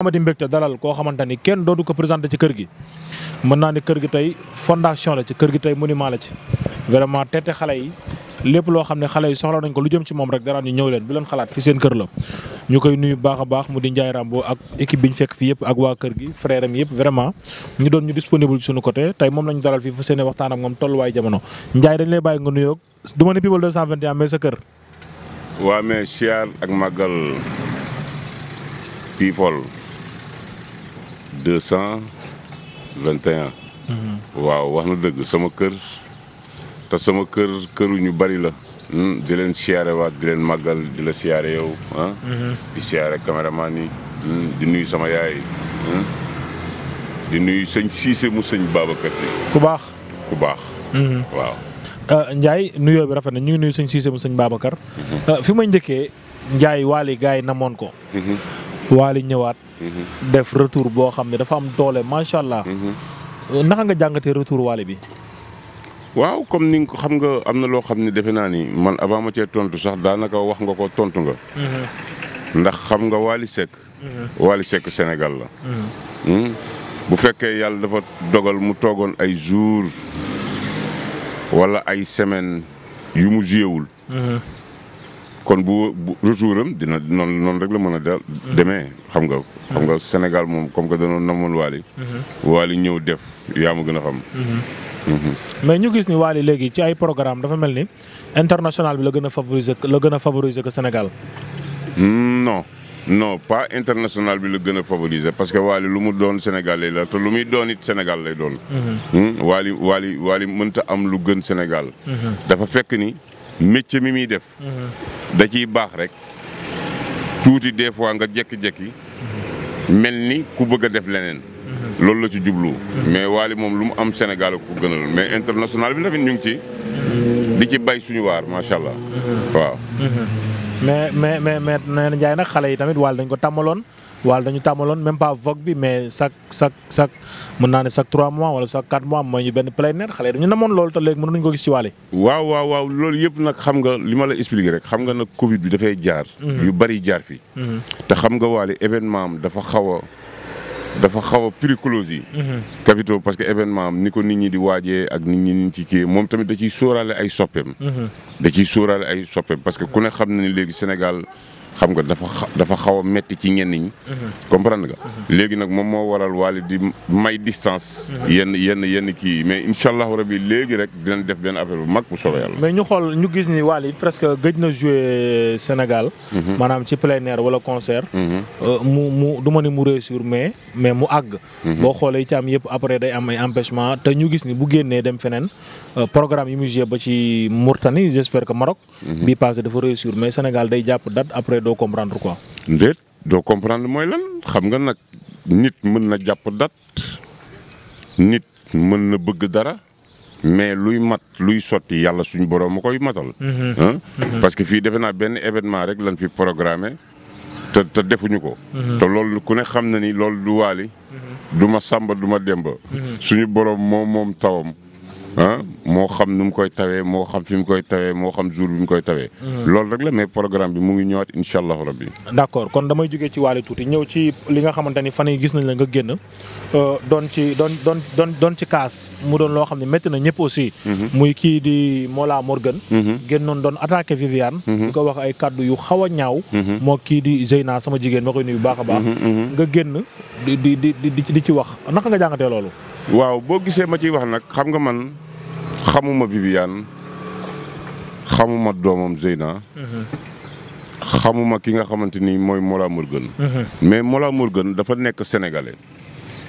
amati mbégte dalal koo xamante ni kenn dootu ko présenté ci kër gi mën naa ni kër gi tey fondation la ci kër gi tey monument la ci vraiment tete xale yi lépp loo xam ne xale yi soxla nañ ko lu jëm ci moom rek dara ñu ñëw leen bu leen xalaat fi seen kër la ñu koy nuyu baax a baax mu di Ndiaye Rambo ak ñu fekk fii yëpp ak waa gi frère am yëpp vraiment ñu doon ñu disponible ci suñu tey moom lañu dalal fii fa seen waxtaan ak moom tolluwaay jamono Ndiaye dañ lay bàyyi nga nuyoo du ma ne People 221 mais sa kër waa mais siyaar ak màggal people deux cent vingt waaw wax na dëgg sama kër te sama kër këru ñu bari la hmm, di leen siyaare waat di leen màggal di la siyaare yow ah mhm. di siyaare caméraman yi hmm, di nuyu sama yaay hmm. di nuyu sëñ Cissé mu sëñ Babacar Si ku baax ku baax mhm. waaw euh, njaay nuyoo bi rafet na ñuy ngi nuyu sëñ Cissé mu sëñ Babacar mhm. euh, fi may njëkkee Ndiaye waali gars namoon ko Waly ñëwaat. Mhm. def retour boo xam ne dafa am doole macha allah. Mhm. ndaxa nga jàngatee retour Waly bi. waaw comme ni ko xam nga am na loo xam ne defe naa ni man abaa ma cee tontu sax daanaka wax nga ko tontu nga. Mhm. ndax xam nga Waly Seck. Waly Seck Sénégal la. Hmm? bu fekkee yàlla dafa dogal mu toogoon ay jours wala ay semaine yu mu jéewul. kon bu retour am dina noonu noonu rek la mën a del mhm. demee xam nga xam nga mhm. Sénégal moom comme que danoon namoon Wally mhm. Wally ñëw def yaa ma gën a xam mais ñu gis ni Wally léegi ci ay programme dafa mel ni international bi la gën a favorise la gën a favoriser que Sénégal no mm, no pas international bi la gën a favoriser parce que Wally lu mu doon Sénégal lay la te lu muy doon it Sénégal lay doon mm, Wally Wally Wally mënta am lu gën Sénégal dafa fekk ni métier mi muy def. da ciy baax rek tuuti des fois nga jékki-jékki mel ni ku bëgg a def leneen. loolu la ci jublu. mais Wally moom lu mu am Sénégal ko gënal mais internationale bi tamit ñu ngi ci. di ci bay suñu waar macha allah. waaw. mais mais mais mais Ndiaye nag xale yi tamit Wally dañ ko tàmmaloon. waal dañu tàmmaloon même pas vogue bi mais chaque chaque chaque mën naa ne chaque 3 mois wala chaque 4 mois mooy ñu benn plénière xale dañu moon loolu te léegi mënuñu ko gis ci waale. waaw waaw waaw loolu yëpp nag xam nga li ma la expliqué rek xam nga nag Covid bi dafay jaar. Mhm. yu bari jaar fi mhm. te xam nga waale événement am dafa xaw a dafa xaw a préclose yi. Mhm. capitaux parce que événement am ni ko nit ñi di waajee ak nit ñi ni ci kii moom tamit da ciy sóoraale ay soppeem. da ciy sóoraale ay soppeem parce que ku ne xam na léegi Sénégal. xam nga dafa dafa xaw a metti ci ñenn ñi. Mhm. comprendre nga. Mhm. léegi nag moom moo waral waale di may distance. Mhm. yenn yenn yenn kii mais incha allahu rabi léegi rek dinañ def benn affaire bu mag bu soobee mais ñu xool ñu gis ni waale presque gëj na joué Sénégal. maanaam ci plein wala concert. Euh, mu mu du ma ni mu réussir mais mais mu àgg. boo xoolee ci am yëpp après day am ay empêchement te ñu gis ni bu génnee dem feneen euh, programme yu mu ba ci Mourtani j'espère que Maroc. bii passé mais Sénégal day jàpp date doo comprendre quoi. déet doo comprendre mooy lan xam nga nag nit mën na jàpp dat nit mën na bëgg dara mais luy mat luy sotti yàlla suñu borom ma koy matal. Mhm. Mhm. parce que fii defe naa benn événement rek lan fi programmé. te defuñu ko. Mhm. te loolu ku ne xam na ni lool du waali. du ma sàmba du ma demba. suñu borom moom moom tawam. ah moo xam nu mu koy tawee moo xam fi mu koy tawee moo xam jour bi mu koy tawee. Hmm. loolu rek la mais programme bi mu ngi ñëwaat incha allahu rabbi. d' kon damay jógee ci waale tuuti ñëw ci li nga xamante ni fan yi gis nañ la nga génn euh, doon ci doon doon doon doon ci kaas mu doon loo xam ne métti na ñëpp aussi. Hmm. muy kii di Mola Morgan. Hmm. génnoon doon attaqué Viviane. di ko wax ay kàddu yu xaw a ñaaw. moo kii di Zeyna sama jigéen ma koy nuyu bu baax a baax. nga génn di di di di ci wax naka nga jàngatee loolu. waaw boo gisee ma ciy wax nag xam nga man. xamuma Viviane xamuma doomam Zeyna. xamuma ki nga xamante ni mooy Mollah Morgun. mais Mollah Morgun dafa nekk sénégalais.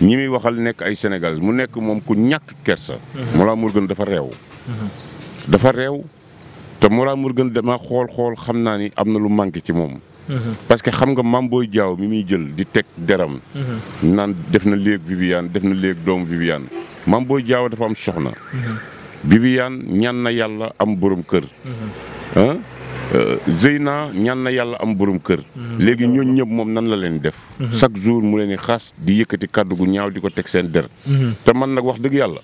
ñi muy waxal nekk ay sénégalais mu nekk moom ku ñàkk kersa. Mollah Morgun dafa reew dafa reew te Mollah Morgun dama xool xool xam naa ni am na lu manqué ci moom. parce que xam nga Mame Boye Diao mi muy jël di teg deram. naan def na léeg Viviane def na léeg doomu Viviane Mame Boye Diao dafa am soxna. Viviane ñaan na yàlla am boroom kër. ah Zeyna ñaan na yàlla am boroom kër. Mm-hmm. léegi ñooñu ñëpp moom nan la leen def. Mm-hmm. chaque jour mu leen di xaas di yëkkati kàddu gu ñaaw di ko teg seen der. te man nag wax dëgg yàlla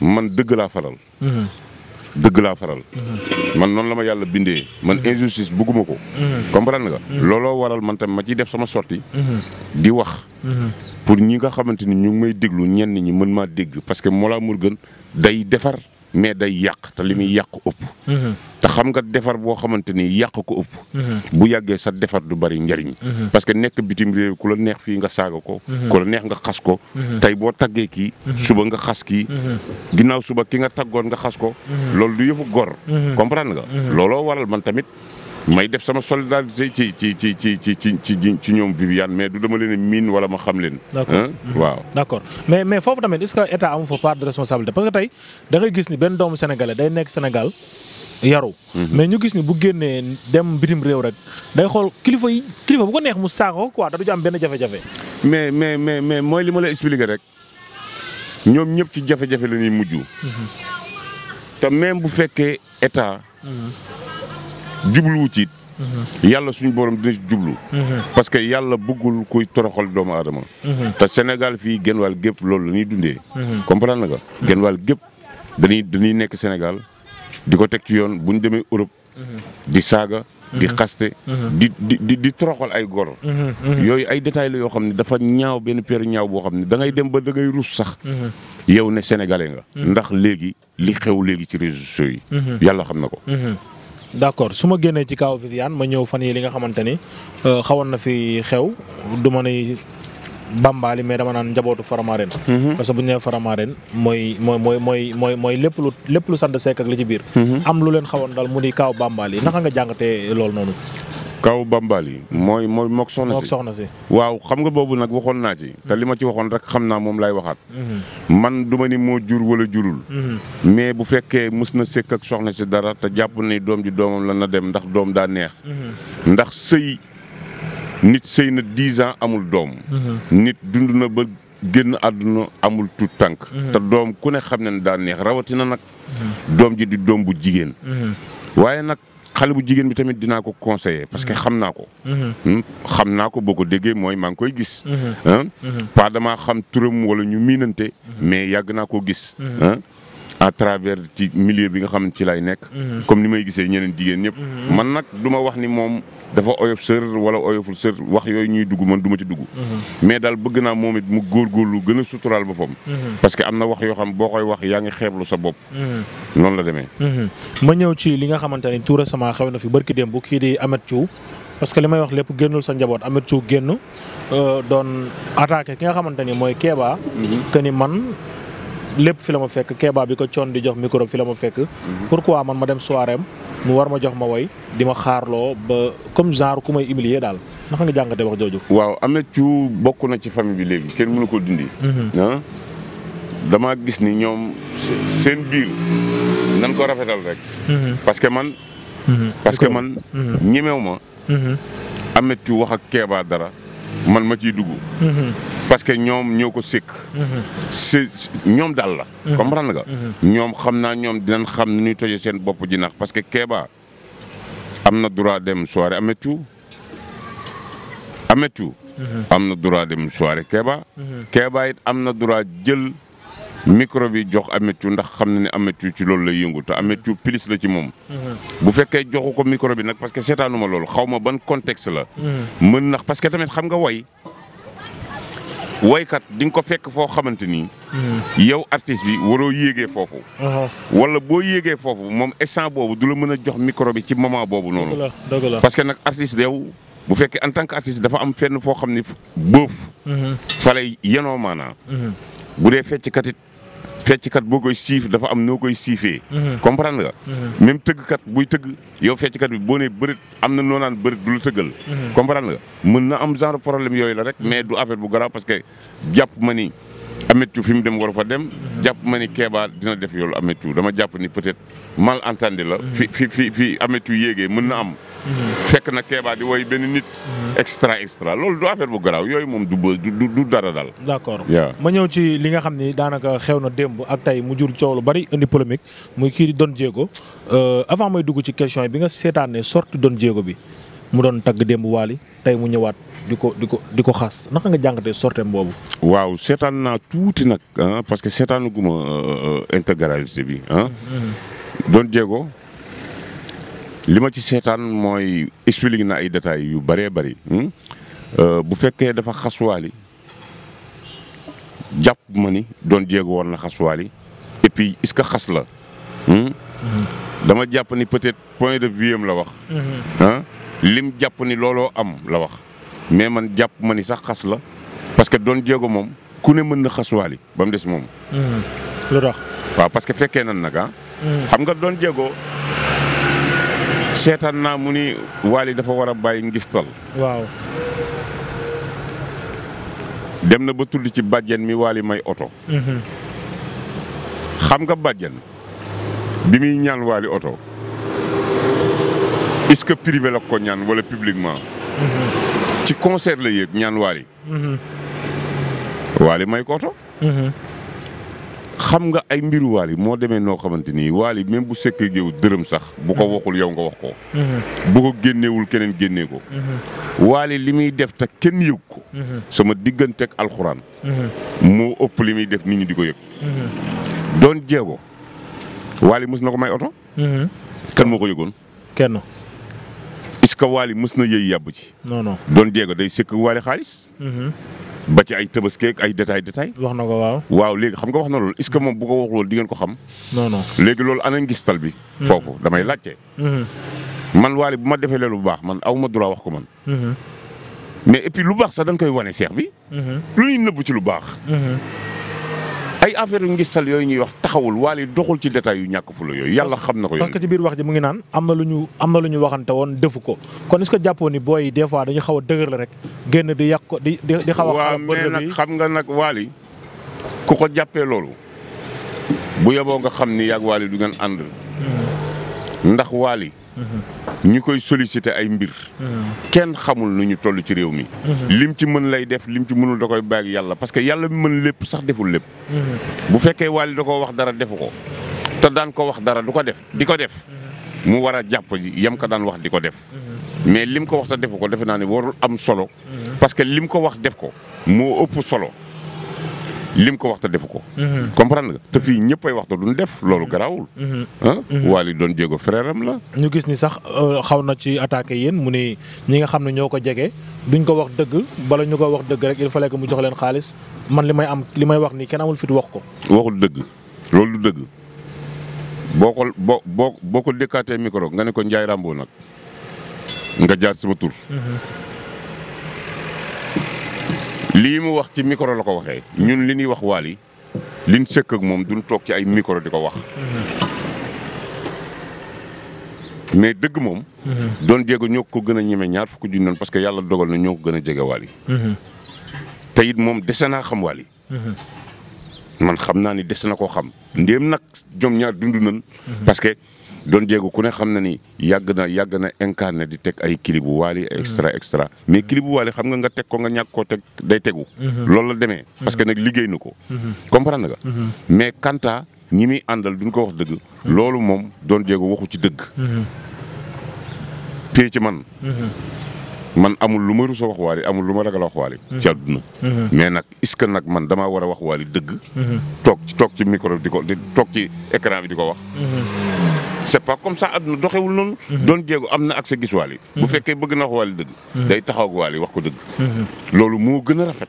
man dëgg laa faral. dëgg laa faral. man noonu la ma yàlla bindee man injustice bugguma ko. comprendre nga. looloo waral man tam ma ciy def sama sorti di wax. pour ñi nga xamante ni ñu ngi may déglu ñenn ñi mën maa dégg parce que Mollah Morgun day defar. mais day yàq te li muy yàq ëpp. Mhm. te xam nga defar boo xamante ni yàq ko ëpp. Mhm. bu yàggee sa defar du bari njariñ. Mhm. parce que nekk bitim réew ku la neex fii nga saaga ko. ku la neex nga xas ko. tey boo taggee kii. suba nga xas kii. ginnaaw suba ki nga taggoon nga xas ko. loolu du yëfu gor. comprendre nga. looloo waral man tamit may def sama solidarité ci ci ci ci ci ci ci ñoom Viviane mais du dama leen a miin wala ma xam leen. d'accord mhm. waaw. d'accord mais mais foofu tamit est-ce que état amu fa part de responsabilité parce que tey da gis ni benn doomu sénégalais day nekk Sénégal yaru. Mhm. mais ñu gis ni bu génnee dem bitim réew rek day xool kilifa yi kilifa bu ko neex mu saako quoi da du ci am benn jafe-jafe. mais mais mais mais mooy li ma la expliquer rek ñoom ñëpp ci jafe-jafe la mujj. Mhm. te même bu fekkee état. jubluwu ci mhm. yàlla suñu borom dina ci jublu. Mhm. parce que yàlla bëggul kuy toroxal doomu aadama. Mhm. te Sénégal fii genn wàll gépp loolu la ñuy dundee. comprendre nga. genn wàll gépp dañuy dañuy nekk senegal di ko teg ci yoon bu ñu demee Europe. di saaga. di xaste di di di toroxal ay gor. yooyu ay détails la yoo xam ne dafa ñaaw benn peeru ñaaw boo xam ne da ngay dem ba da ruus sax. yow ne sénégalais nga. ndax léegi li xew léegi ci réseaux sociaux yi. yàlla xam na ko. d' accord su ma génnee ci kaw Viviane ma ñëw fan yi li nga xamante ni euh, xawoon na fi xew du ma ne bambaali mais dama naan njabootu Faramaren. Mhm. parce que bu ñu nee Faramaren mooy mooy mooy mooy mooy mooy lépp lu lépp lu sant sekk ak la ci biir. Mhm. am lu leen xawoon daal mu di kaw bambaali naka nga jàngatee loolu noonu. kaw Bambali mooy mooy mook soxna si waaw xam nga boobu nag waxoon naa ci te li ma ci waxoon rek xam naa moom laay waxaat mhm. man du ma ni moo jur wala jurul mhm. mais bu fekkee mës na sëkk ak soxna si dara te jàpp ni doom ji doomam la na dem ndax doom daa neex mhm. ndax sëy nit sëy na dix ans amul doom nit dund na ba génn àdduna amul tuut tànk te doom ku ne xam ne daa neex rawatina nag doom ji di doom bu jigéen waaye nag xale bu jigéen bi tamit dinaa ko conseiller parce que mhm. xam naa ko. Mhm. Hmm? xam naa ko boo ko déggee mooy maa ngi koy gis. Mhm. Hmm? pas damaa xam turam wala ñu miinante mais yàgg naa koo gis. Hmm? à travers ci milieu bi nga xam ci lay nekk. Mhm. comme ni may gisee ñeneen jigéen ñëpp. Mhm. man nag du ma wax ni moom dafa oyof sër wala oyoful sër wax yooyu ñuy dugg man du ma ci dugg. Mhm. mais daal bëgg naa moom it mu góorgóorlu gën a suturaal boppam. parce que am na wax yoo xam boo koy wax yaa ngi xeeblu sa bopp. noonu la demee. ma ñëw ci li nga xamante ni tout récemment xew na fi barki démb bu kii di Amath Thiou parce que li may wax lépp génnul sa njaboot Amath Thiou génn euh, doon ki nga xamante ni mooy Kéba. que lépp fi a fekk keebaa bi ko coon di jox micro fi la ma fekk. Mhm. pourquoi man ma dem soirée am war ma jox ma woy di ma xaarloo ba comme genre ku may humilier daal naka nga jàngatee wax jooju. waaw am na ci na ci famille bi léegi kenn mënu ko dindi. Mhm. ah damaa gis ni ñoom seen biir nan ko rafetal rek. Mhm. parce que man. parce que man ñemew ma. am na ci wax keebaa dara. man ma ciy dugg. Mhm. parce que ñoom ñëw ko sëkk. Mhm. si ñoom daal la. Mhm. comprendre nga. ñoom xam naa ñoom dinañ xam ni ñuy seen bopp ji nax parce que Kéba am na droit dem soirée Amethou Amethou. am na droit dem soirée Kéba. Kéba it am na droit jël. micro bi jox a Thiou ndax xam na ne Ameth Thiou ci loolu lay yëngu te Ameth Thiou pilis la ci moom. Mhm. bu fekkee joxu ko micro bi nag parce que seetaanuma loolu xaw ma ban contexte la. Mhm. mën nax parce que tamit xam nga way waykat di nga ko fekk foo xamante ni. Mhm. yow artiste bi waroo yéegee foofu. Uh-huh. wala boo yéegee foofu moom instant boobu du la mën a jox micro bi ci moment boobu noonu. parce que nag artiste yow bu fekkee en tant que artiste dafa am fenn foo xam ni boof. fa lay yenoo maanaa. bu fecc kat fecckat boo koy siif dafa am noo koy siifee. Mhm. comprendre nga. Mhm. même kat buy tëgg yow fecckat bi boo nee bërit am na noo naan bërit du la tëggal. Mhm. comprendre nga mën na am genre problème yooyu la rek mais du affaire bu gara parce que jàpp ma ni Ameth Thiou fi mu dem waru fa dem. jàpp ma ni Kéba dina def yoolu Ameth Thiou dama jàpp ni peut-être mal entendu la. fi fi fi fi Ameth Thiou yéegee mën na am. fekk na Kéba di woy benn nit. extra extra loolu du affaire bu garaaw yooyu moom du du du dara daal. d'accord ma ñëw ci li nga xam ni daanaka xew na démb ak tey mu jur coow lu bari indi polémique muy kii di Don Diego euh, avant may dugg ci question yi bi nga seetaanee sorti Don Diego bi mu doon tagg démb waali tey mu ñëwaat di ko di ko di ko xaas naka nga jàngatee sorteem boobu. waaw seetaan naa tuuti nag parce que seetaanaguma euh, euh, intégralité bi ah. Don Diego. li ma ci seetaan mooy expliqué na ay détails yu bëree bëri hmm? euh, bu fekkee dafa xaswaali jàpp ma ni doon jéego woon na xaswaali et puis est-ce que xas la hmm? dama jàpp ni peut-être point de vue am la wax ah lim jàpp ni looloo am la wax mais man jàpp ma ni sax xas la parce que doon jéego moom ku ne mën na xaswaali ba mu des moom mhm. lu tax waaw parce que fekkee nan nag ah? mhm. xam nga doon jéego seetaan naa mu ni Wally dafa war a bàyyi ngistal waaw. dem na ba tudd ci bàjjen mi Wally may oto. Mhm. xam nga bàjjen bi muy ñaan Wally oto est-ce que privé la ko ñaan wala publiquement. Mhm. ci concert la yéeg ñaan Wally. Mhm. Wally may ko oto. xam nga ay mbiru waali moo demee noo xamante ni waali même bu sekkee yow dërëm sax bu ko mm-hmm. waxul yow nga wax ko mm-hmm. bu ko génneewul keneen génnee ko mm-hmm. waali li muy def te kenn yëg ko sama diggante ak alxuraan moo ëpp li muy def nit ñi di ko yëg doon jeego waali mës na ko may oto kan moo ko yëgoon kenn est-ce que waali mës na yëy yàbb ci non non doon jeego day sëkk waali xaalis ba ci ay tëbaskeeg ay détail détail wax na ko waaw. léegi xam nga wax na loolu est ce que moom bu ko wax loolu di ngeen ko xam. non non léegi loolu ana ngistal bi. Hmm. foofu damay laajte. Hmm. man waale bu ma defee loolu lu baax man aw ma droit wax ko man. Hmm. mais et lu baax sax dañ koy wane seex bi. lu ñuy nëbb ci lu baax. ay affaire yu sal yooyu ñuy wax taxawul waale doxul ci détail yu ñàkk fulo yooyu yàlla xam na ko. parce que ci biir wax ji mu ngi naan am na lu ñu am na lu ñu waxante woon defu ko kon est-ce que jàppoo ni booy yi des fois dañu xaw a dëgër la rek génn di yàq ko di di xaw a. waaw mais nag xam nga nag waali ku ko jàppee loolu bu yeboo nga xam ni yàgg waali du ngeen ànd. Hmm. ndax waali Mm-hmm. ñu koy solliciter ay mbir. Mm-hmm. kenn xamul nu ñu toll ci réew mi. Mm-hmm. lim ci mën lay def lim ci mënul da koy bàyyi yàlla parce que yàlla mi mën lépp sax deful lépp. bu fekkee Wally da koo wax dara defu ko te daan ko wax dara du ko def di ko def. mu war a jàpp yam ko daan wax di ko def. mais lim ko wax te defu ko defe naa ne warul am solo. parce que lim ko wax def ko moo ëpp solo. lim ko waxta defu ko. comprendre nga te fii ñëppay waxta duñ def loolu garaawul. Ah? waal yi doon jéego frère am la. ñu gis ni sax euh, xaw na ci attaqué yéen mu ni ñi nga xam ne ñoo ko jege duñ ko wax dëgg bala ñu ko wax dëgg rek il fallait que mu jox leen xaalis man li may am li may wax nii kenn amul fit wax ko. waxul dëgg loolu du dëgg boo ko boo boo boo ko dékkaatee micro nga ne ko Ndiaye Rambo nag nga jaar sama tur. Mhm. lii mu wax ci micro la ko waxee ñun li ñuy wax Wally liñ sëkk ak moom duñ toog ci ay micro di ko wax. mais dëgg moom. doon jéego ñoo ko gën a ñeme ñaar fukki junnoon parce que yàlla dogal na ñoo ko gën a jege Wally. te moom dese naa xam Wally. man xam naa ni dese na koo xam ndéem nag jom ñaar dund nañ. parce Don Diego ku ne xam na ni yàgg na yàgg na incarné di teg ay kilibu waali mm-hmm. extra extra mais bu waali xam nga nga teg ko nga ñàkk koo teg day tegu mm-hmm. loolu la demee mm-hmm. parce que nag liggéey na ko comprendre nga mais Kanta ñi muy àndal duñ ko wax dëgg loolu moom doon Diego waxu ci dëgg tey ci man man amul lu ma rus a wax waali amul lu ma ragal a ci àdduna mais nag est que nag man damaa war a wax waali dëgg toog ci toog ci micro di ko toog ci écran bi di ko wax c'est pas comme ça àdduna doxewul noonu. Mhm. doon jéego am na ak sa gis waali bu mhm. fekkee bëgg na wax waali dëgg. Mhm. day taxaw waali wax ko dëgg. loolu moo gën a rafet.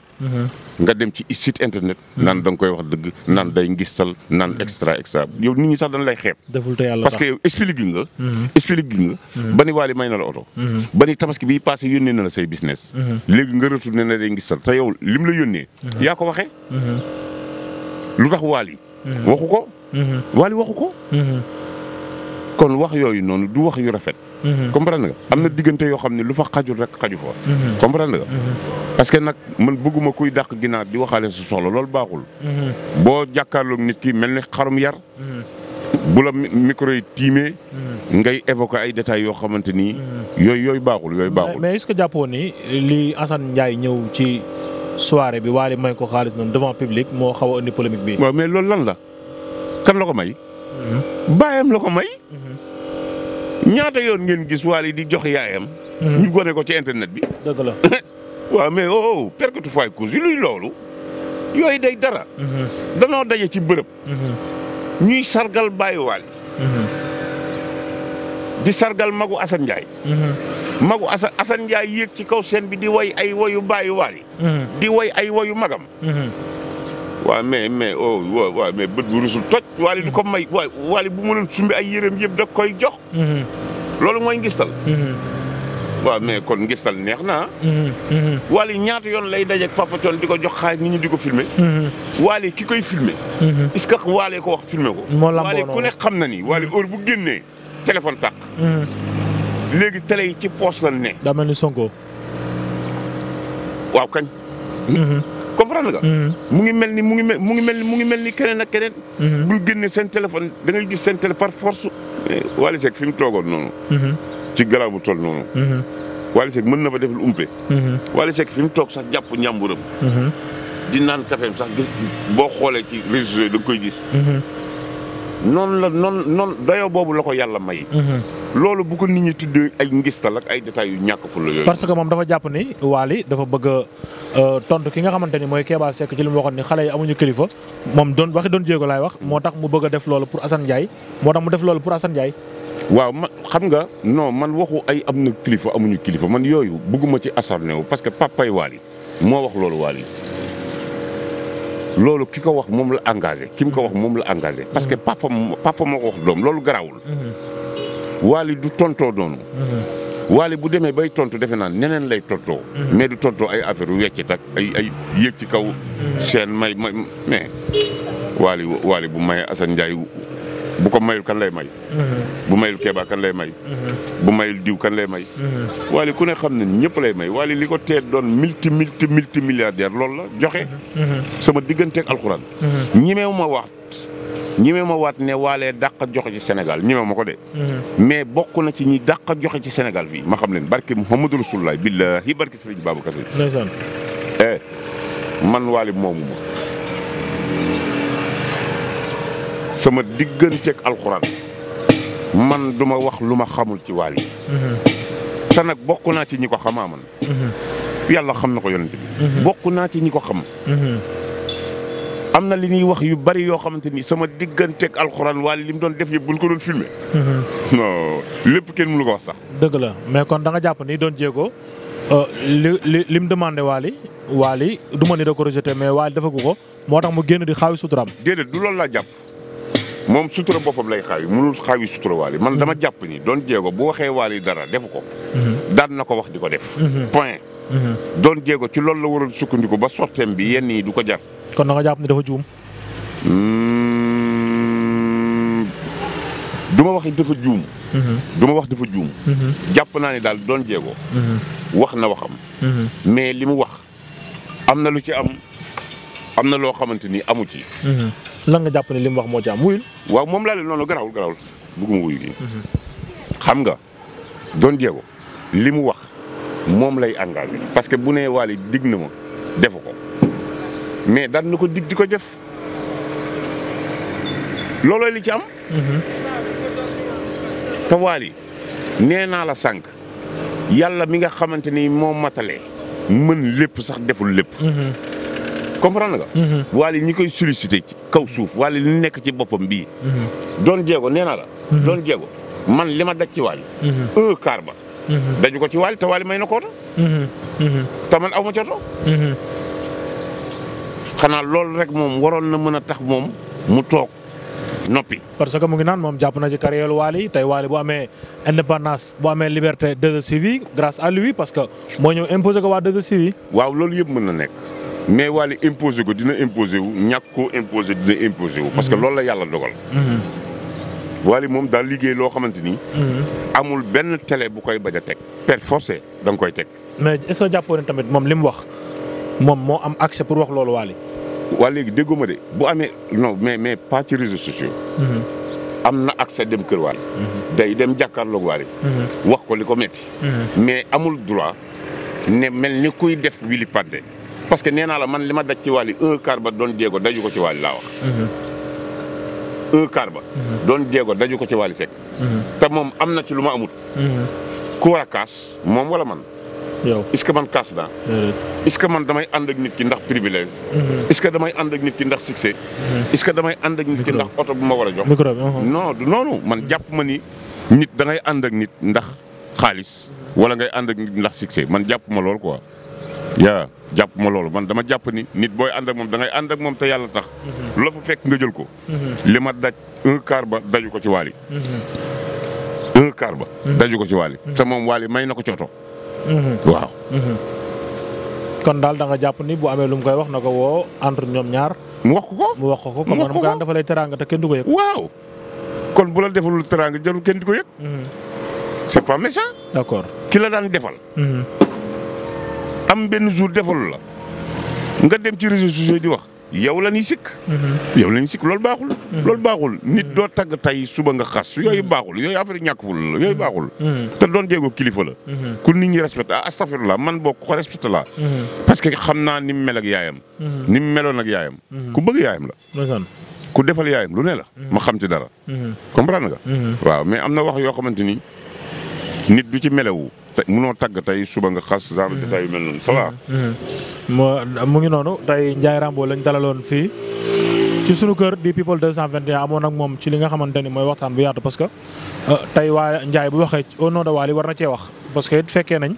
nga dem ci site internet. naan da nga koy wax dëgg naan day ngistal naan extra extra yow nit ñi sax dañ lay xeeb. deful te yàlla parce que yow expliqué nga. expliqué nga. ba ni waali may na la oto. ba ni tabaski bii passé yónnee na la say business. léegi nga retourné na day ngistal te yow lim la yónnee. yaa ko waxee. lu tax waali. ko. waali waxu ko. kon wax yooyu noonu du wax yu rafet. Mhm. comprendre nga am na diggante yoo xam ne lu fa xajul rek xaju fa. Mhm. comprendre nga. Mhm. parce que nag man bëgguma kuy dàq ginaar di waxaale su soxla loolu baaxul. boo jàkkaarloog nit ki mel ni xarum yar. bu la micro yi ngay évoquer ay détails yoo xamante ni. yooyu yooyu baaxul yooyu baaxul. mais est-ce que jàppoon ni li Assane Ndiaye ñëw ci soirée bi waale may ko xaalis noonu devant public moo xaw a indi bi. waaw mais loolu lan la kan la ko may. baayam la ko may. Mhm. ñaata yoon ngeen gis yi di jox yaayam. Mhm. ñu gone ko ci internet bi. waa la waaw mais oh, oh perkatu fay yi luy loolu. yooyu day dara. Mhm. danoo daje ci bërëb. ñuy sargal Baye di sargal magu Assane magu Assane Assane yéeg ci kaw seen bi di woy ay woyu Baye Wally. di woy ay woyu magam. waaw mais mais oh waaw mais bët bu rusul toj. waali du ko may waay waali bu mënoon sumbi ay yërëm yëpp da koy jox. Mhm. loolu mooy ngistal. Mhm. waa mais kon ngistal neex na ah. mhm, waali ñaata yoon lay dajeeg Papa Thione di ko jox xaalis nit di ko filmé. waali ki koy filmé. est-ce que waalee ko wax filmé ko. moo waali ku ne xam na ni waali heure bu génnee téléphone tàq. léegi télé yi ci poos la ne. daa mel ni Sonko. waaw kañ. comprendre nga. Mm-hmm. mu ngi mel ni mu ngi mel mu ngi mel ni mu ngi mel ni keneen ak keneen. Mm-hmm. bu ñu génnee seen téléphone da ngay gis seen téléphone par force. Eh, Wally Seck fi mu toogoon noonu. Mm-hmm. ci galaaw bu toll noonu. Wally Seck mën na fa def lu umpe. Wally Seck fi mu toog sax jàpp njàmburam. di naan kafeem sax boo xoolee ci réseaux da koy gis. noonu la noonu noonu dayoo boobu la ko yàlla may. Mhm. loolu bu ko nit ñi tuddee ay ngistal ak ay détails yu ñàkk fu yooyu. parce que moom dafa jàpp ni Wally dafa bëgg a euh, tontu ki nga xamante ni mooy Kéba Seck ci li mu waxoon ni xale yi amuñu kilifa moom doon waxi doon jéego laay wax moo tax mu bëgg a def loolu pour Assane Ndiaye moo tax mu def loolu pour Assane Ndiaye. waaw ma xam nga non man waxu ay am na kilifa amuñu kilifa man yooyu bëgguma ci acharné wu parce que papay Wally moo wax loolu Wally loolu ki ko wax moom la engagé ki mu ko wax moom la engagé. parce que papa papa moo ko wax doom loolu garaawul. waali du tontoo doonu. waali bu demee bay tontu defe naa neneen lay tontoo. mais du tontoo ay affaire yu weccet ak ay ay yéeg ci kaw. seen may may mais waali bu maye Assane Ndiaye bu ko mayul kan lay may. Mm-hmm. bu mayul Kéba kan lay may. Mm-hmm. bu mayul diw kan lay may. Mm-hmm. waali ku ne xam ne ñëpp lay may waali li ko te doon multi multi multi milliardaire loolu la joxe. sama digganteeg alxuraan. ñimeewu ma waat ñimeewu waat ne waalee daq joxe ci Sénégal ñimeewu ma ko de. mais bokk na ci ñi dàq joxe ci Sénégal fii ma xam leen barke Muhammadu Rasulullah billaahi barke Sëriñ Babacar Si. Eh, man waali moomu sama digganteeg alxuraan man duma wax lu ma xamul ci waal yi. Mhm. te nag bokk naa ci ñi ko xamaa man. Mhm. yàlla xam na ko yonent bi. Mhm. bokk naa ci ñi ko xam. am na li ñuy wax yu bari yoo xamante ni sama digganteeg alxuraan waal li mu doon def bu buñ ko doon filmé. lépp kenn mënu ko wax sax. dëgg la mais kon da jàpp ni doon jéego euh, li li li mu waal waali waali du ma ni da ko rejeté mais waali dafa ko ko moo tax mu génn di xaawi suturaam. déedéet du loolu laa jàpp. moom sutura boppam lay xaawi mënul xaawi sutura waali man dama mm-hmm. jàpp ni doon Diego bu waxee waali dara defu ko. Mm-hmm. daal na ko wax di ko def. Mm-hmm. point. doon Diego ci loolu la waroon sukkandiku ba sotteem bi yenn yi du ko jar. kon na jàpp ni dafa juum. du ma wax dafa juum. du ma wax dafa juum. jàpp naa ne daal Don Diego. wax na waxam. mais li mu wax am na lu ci am am na loo xamante ni amu ci. lan nga jàpp ne li mu wax moo ci am wuyul. waaw moom laa leen noonu garawul garawul bëgguma wuyu gi xam nga Don Diego li mu wax moom lay engagé parce que bu ne Wally digg na ma defu ko mais daan na ko dig di ko def looloo li ci am. te Wally nee naa la sànq yàlla mi nga xamante ni moo matale mën lépp sax deful lépp. comprendre nga. Mhm. Wally ñi koy sollicité ci kaw suuf Wally li nekk ci boppam bii. Mhm. doon jéego nee naa la. Mhm. doon jéego man li ma daj ci Wally. un quart ba. daju ko ci Wally te Wally may na ko oto. te aw ma ci xanaa loolu rek moom waroon na mën a tax moom mu toog noppi. parce que mu ngi naan moom jàpp na ci carrière Wally tey Wally bu amee indépendance bu amee liberté 2STV grâce à lui parce que moo ñëw imposé ko waa 2STV. waaw loolu yëpp mën na nekk. mais Wally imposé ko dina imposé wu ñàkk koo imposé dina imposé wu. parce que mhm. loolu la yàlla dogal. Mhm. Wally moom daal liggéey loo xamante ni. Mhm. amul benn télé bu koy bañ a teg. per forcé danga koy teg. mais est-ce que tamit moom li mu wax moom moo am accès pour wax loolu Wally. waa léegi déggoo ma de bu amee non mais mais pas ci réseaux sociaux. am na accès dem kër Wally. day dem jàkkaarloog Wally. wax ko li ko metti mais amul droit ne mel ni kuy def wili pande. parce que nee naa la man li ma daj ci wàlli yi un ba doon jéego daju ko ci wàll laa wax. un quart ba. doon jéego daju ko ci wàll mhm. mhm. sek. Mhm. te moom am na ci lu ma amut. ku war a kaas moom wala man. yow est que man kaas naa. est-ce que man damay ànd ak nit ki ndax privilège. est-ce que damay ànd ak nit ki ndax succès. est-ce que damay ànd ak nit ndax oto bu ma war a jox. Uh-huh. non du noonu man jàpp ma ni nit da ànd ak nit ndax xaalis. wala ngay ànd ak nit ndax succès man jàpp ma lool quoi. yaa jàpp ma loolu man dama jàpp ni nit booy ànd moom da ngay ànd ak moom te yàlla tax. lu mhm. la fa fekk nga jël ko. Mhm. li ma daj un ba daju ko ci waali. un quart ba. daju ko ci waali. Mhm. te moom waali may na ko cooto. waaw. kon daal da jàpp ni bu amee lum mu koy wax na ko woo entre ñoom ñaar. mu wax ko mu wax ko ko comme man dafa lay teraanga te kenn ko yëg. waaw kon bu la defalul teraanga jarul kenn du ko yëg. c'est pas méchant. d'accord ki la daan defal. am benn jour deful la nga dem ci réseaux sociaux di wax yow la ñuy sikk. Mm-hmm. yow la ñuy sikk loolu baaxul. Mm-hmm. loolu baaxul nit mm-hmm. doo tagg tey suba nga xas yooyu baaxul yooyu affaire ñàkkful la yooyu baaxul. te doon jéego kilifa la. ku nit ñi respecté ah la man boo ko respecté laa. parce que xam naa ni mu mel yaayam. ni mu meloon ak yaayam. ku bëgg yaayam la. ku defal yaayam lu ne la. ma xam ci dara. comprendre nga. waaw mais am na wax yoo xamante ni nit du ci melewu. te munoo tagg tey suba nga xas genre détail mm. yu mel noonu ça mm. mu ngi noonu tey Ndiaye Rambo lañ dalaloon fii ci sunu kër di people 221 amoon ak moom ci li nga xamante ni mooy waxtaan bu yaatu parce que euh, tey waa njaay bu waxee au nom de Wally war na cee wax parce que it fekkee nañ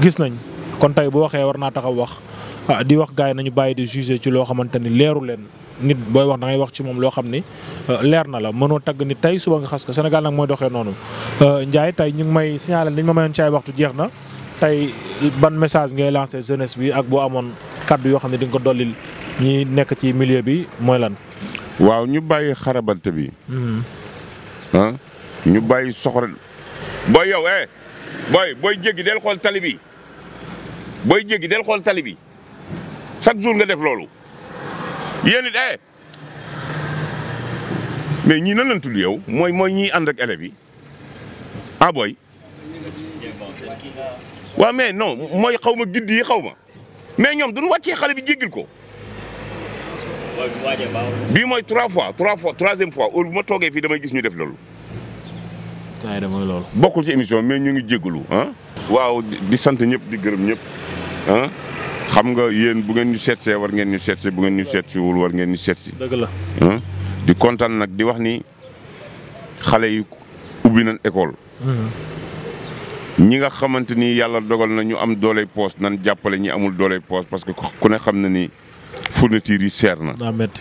gis nañ kon tey bu waxee war naa taxaw wax ah, di wax gars yi nañu bàyyi di juger ci loo xamante ni leeru leen. nit booy wax da ngay wax ci moom loo xam ni euh, leer na la mënoo tagg nit tey suba nga xas ko Sénégal nag mooy doxee noonu Euh, Ndiaye tey ñu ngi may signaler li ñu ma mayoon ci waxtu jeex na tey ban message ngay lancé jeunesse bi ak boo amoon kàddu yoo xam ne di nga ko dollil ñi nekk ci millier bi mooy lan. waaw ñu bàyyi xarabante bi. ah ñu bàyyi soxor. booy yow eh booy booy jéggi del xool tali bi booy jéggi del xool tali bi chaque jour nga def loolu yéen it eh mais ñii nan lañ tudd yow mooy mooy ñiy ànd ak élèves yi. ah waaw mais non mooy xaw ma giddi yi xaw ma mais ñoom duñu wàccee xale bi jéggil ko bii mooy trois fois trois fois troisième fois heure bu ma toogee fii damay gis ñu def loolu waaye damay loolu bokkul ci émission mais ñu ngi jéggalu ah waaw di sant ñëpp di gërëm ñëpp ah xam nga yéen bu ngeen ñu seet see war ngeen ñu seet seetsi bu ngeen ñu seetsiwul war ngeen ñu seetsi dëgg la di kontan nag di wax ni xale yi ubbi nañ école ñi nga xamante ni yàlla dogal na ñu am dooley poos nan jàppale ñi amul dooley poos parce que ku ne xam na ni fourniture yi seer na. daa métti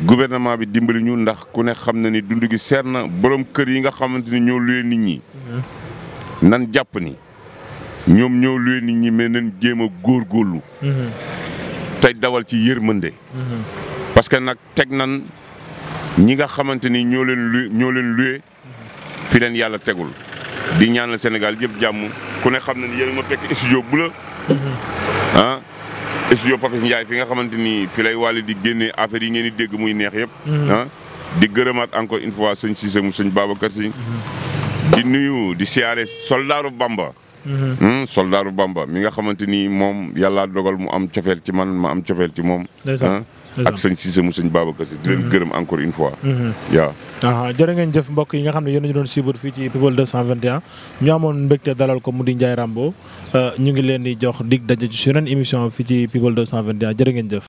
gouvernement bi dimbali ñu ndax ku ne xam na ni dund gi seer na borom kër yi nga xamante ni ñoo luye nit ñi. Mm-hmm. nan jàpp ni ñoom ñoo luye nit ñi mais nañ jéem a góorlu mm-hmm. tey dawal ci yërmande. Mm-hmm. parce que nag teg nan ñi nga xamante ni ñoo leen lu ñoo leen luye. fi yàlla tegul di ñaanal Sénégal yëpp jàmm ku ne xam ne ni yéen ma fekk studio bu la ah studio nga xamante ni fi lay wàlli di génnee affaire yi ngeen i dégg muy neex yëpp mm-hmm. ah di gërëmaat encore une fois sëñ Cissé mu sëñ Babacar Sy di nuyu di siyaare soldaaru Bamba mm-hmm. hmm, soldaaru Bamba mi nga xamante ni moom yàlla dogal mu am cofeel ci man ma am cofeel ci moom ak sëñ Cissé mu sëñ Babacar Sy di leen mm-hmm. gërëm encore une fois waaw mm-hmm. aa ah, ngeen jëf mbokk yi nga xam ne yéen a doon suivre fii ci People 221 ñu amoon mbégte dalal ko mu di Ndiaye Rambo euh, ñu ngi leen di jox dig daje ci yeneen émission fii ci People 221 jërë ngeen jëf